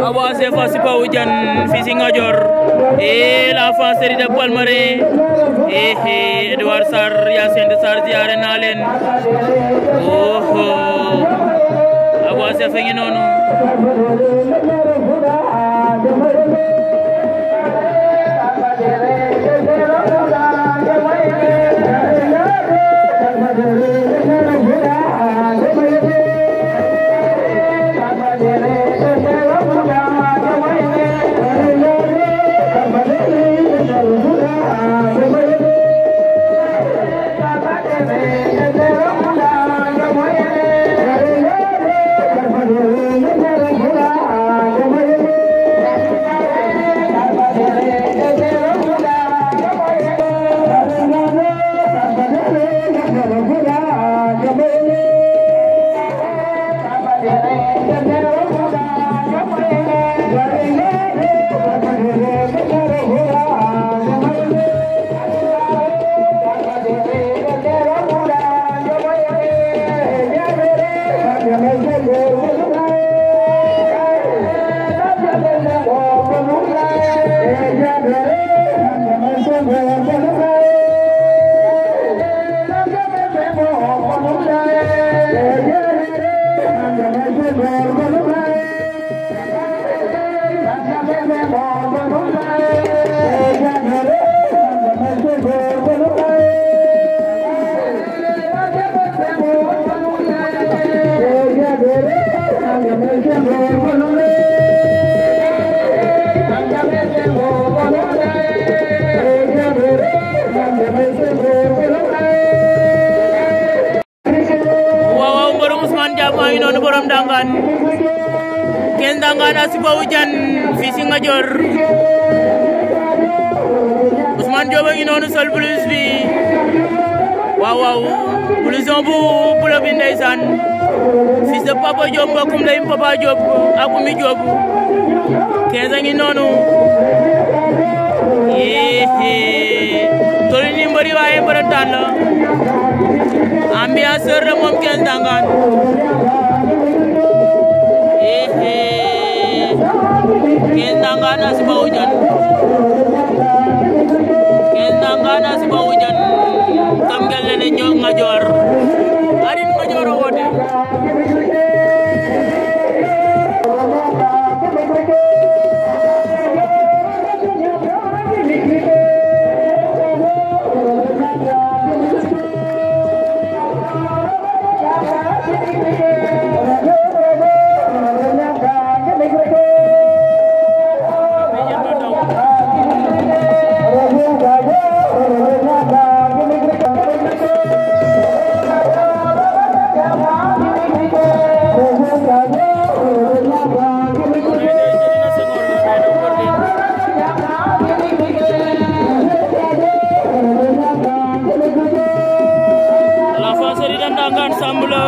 Abou CFA Sipa Widiane fii si Ngadior et la fanserie de Palmarin et eh, eh, Edouard Sarr Yacine Sarr ziare naa leen oh, oh. Abou CFA ngi noonu Aliou Diane fii si Ngadior Ousmane Diop ngi noonu sol blouse bi waaw waaw blouson bu bleu bi ndeysaan fils de Papa Diop mbokkum ndeyum Papa Diop ak Oumy Diop ngi noonu yéé tol ni mbëri waaye mbërëntaan la ambianceur la moom quinze Ndangaan Kes nangaan na si bawah hujan. Kes nangaan na si bawah hujan. Tanggal na ninyo ngajor. Arin ngajor ako din. Ndangane Samb la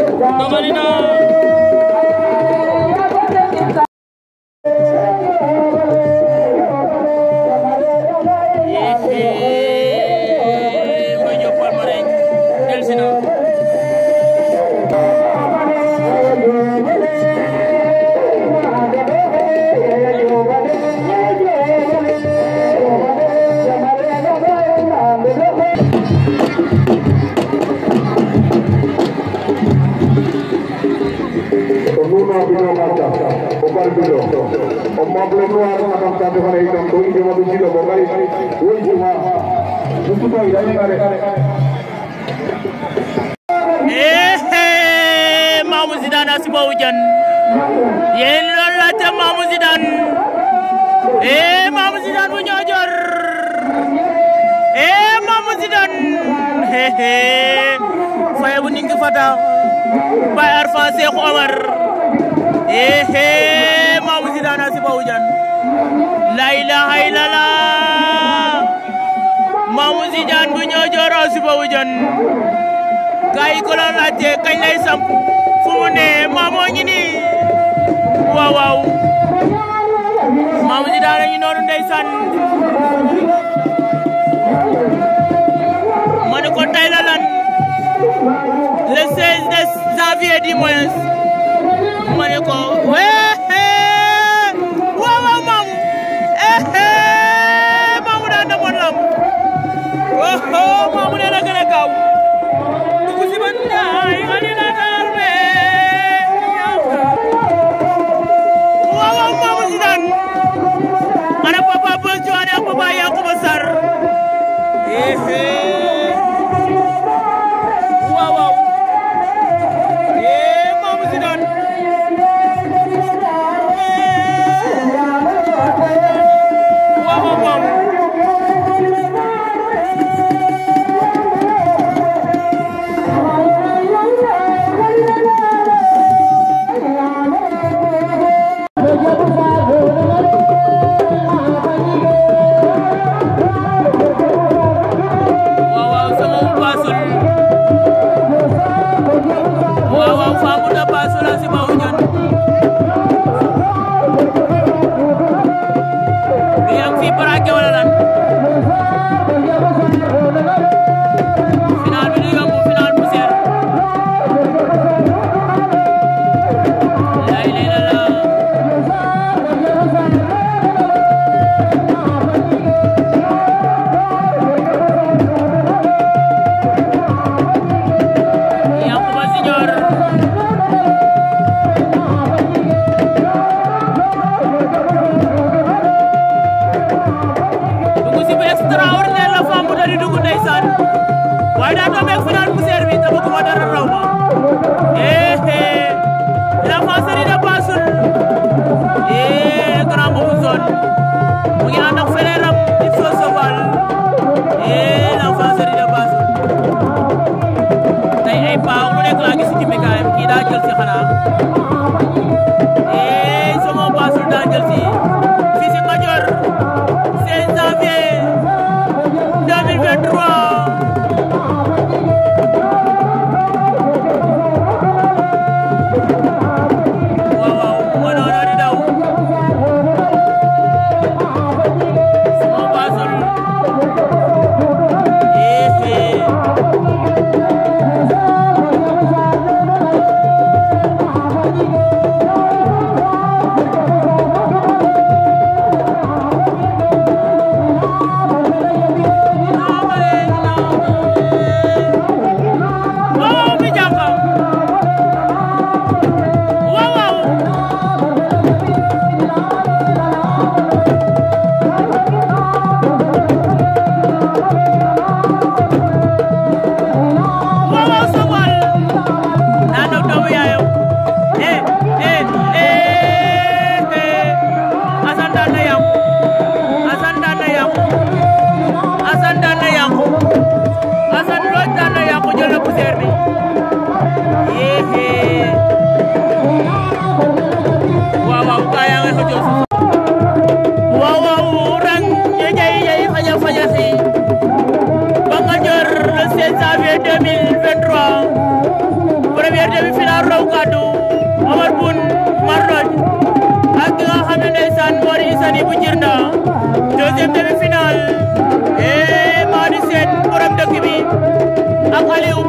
Domanina eh Mamou Zidane Astou Bodian yéen loolu laajte Mamou Zidane eh Mamou Zidane bu Niodior eh Mamou Zidane faye bu ningi fata Baye Arfa Cheikhou Omar eh Mamou Zidane Astou la ilaha illallah Supa Wujaan gaay yi ko la laajte kañ lay ne maamoo ngi nii maamu ji daara ñu noonu ma ne ko tey la lan le 16 di moins ma ne ko oh Mamou nee na Madi bu Djirnda deuxième demi-finale et Madi Sène borom dëkk bi ak Aliou